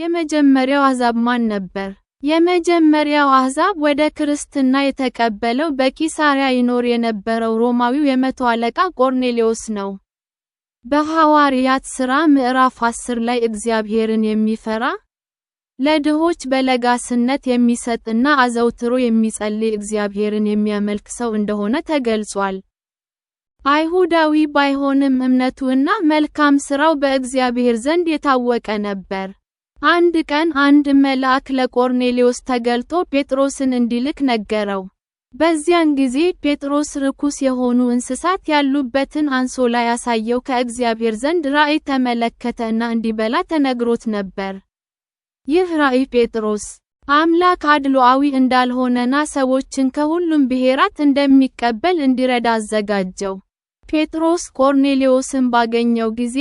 የመጀመሪያው አሕዛብ ማን ነበር? የመጀመሪያው አሕዛብ ወደ ክርስትና የተቀበለው በቂሳሪያ ይኖር የነበረው ሮማዊው የመቶ አለቃ ቆርኔሌዎስ ነው። በሐዋርያት ሥራ ምዕራፍ 10 ላይ እግዚአብሔርን የሚፈራ ለድሆች በለጋስነት የሚሰጥና አዘውትሮ የሚጸልይ እግዚአብሔርን የሚያመልክ ሰው እንደሆነ ተገልጿል። አይሁዳዊ ባይሆንም እምነቱና መልካም ሥራው በእግዚአብሔር ዘንድ የታወቀ ነበር። አንድ ቀን አንድ መልአክ ለቆርኔሌዎስ ተገልጦ ጴጥሮስን እንዲልክ ነገረው። በዚያን ጊዜ ጴጥሮስ ርኩስ የሆኑ እንስሳት ያሉበትን አንሶላ ያሳየው ከእግዚአብሔር ዘንድ ራእይ ተመለከተ እና እንዲበላ ተነግሮት ነበር። ይህ ራእይ ጴጥሮስ አምላክ አድሎአዊ እንዳልሆነና ሰዎችን ከሁሉም ብሔራት እንደሚቀበል እንዲረዳ አዘጋጀው። ጴጥሮስ ቆርኔሌዎስን ባገኘው ጊዜ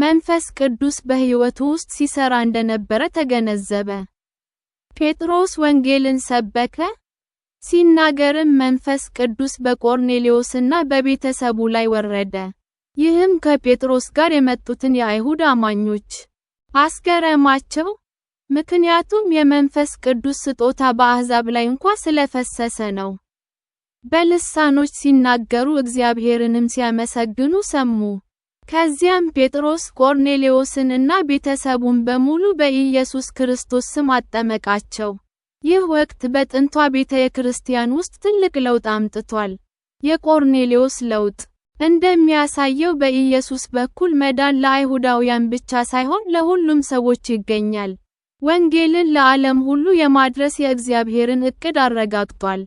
መንፈስ ቅዱስ በሕይወቱ ውስጥ ሲሠራ እንደነበረ ተገነዘበ። ጴጥሮስ ወንጌልን ሰበከ፣ ሲናገርም መንፈስ ቅዱስ በቆርኔሌዎስና በቤተሰቡ ላይ ወረደ። ይህም ከጴጥሮስ ጋር የመጡትን የአይሁድ አማኞች አስገረማቸው፣ ምክንያቱም የመንፈስ ቅዱስ ስጦታ በአሕዛብ ላይ እንኳ ስለፈሰሰ ነው። በልሳኖች ሲናገሩ እግዚአብሔርንም ሲያመሰግኑ ሰሙ። ከዚያም ጴጥሮስ ቆርኔሌዎስን እና ቤተሰቡን በሙሉ በኢየሱስ ክርስቶስ ስም አጠመቃቸው። ይህ ወቅት በጥንቷ ቤተ ክርስቲያን ውስጥ ትልቅ ለውጥ አምጥቷል። የቆርኔሌዎስ ለውጥ እንደሚያሳየው በኢየሱስ በኩል መዳን ለአይሁዳውያን ብቻ ሳይሆን ለሁሉም ሰዎች ይገኛል። ወንጌልን ለዓለም ሁሉ የማድረስ የእግዚአብሔርን ዕቅድ አረጋግጧል።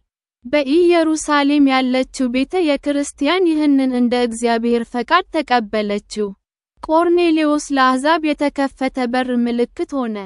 በኢየሩሳሌም ያለችው ቤተ የክርስቲያን ይህንን እንደ እግዚአብሔር ፈቃድ ተቀበለችው። ቆርኔሌዎስ ለአሕዛብ የተከፈተ በር ምልክት ሆነ።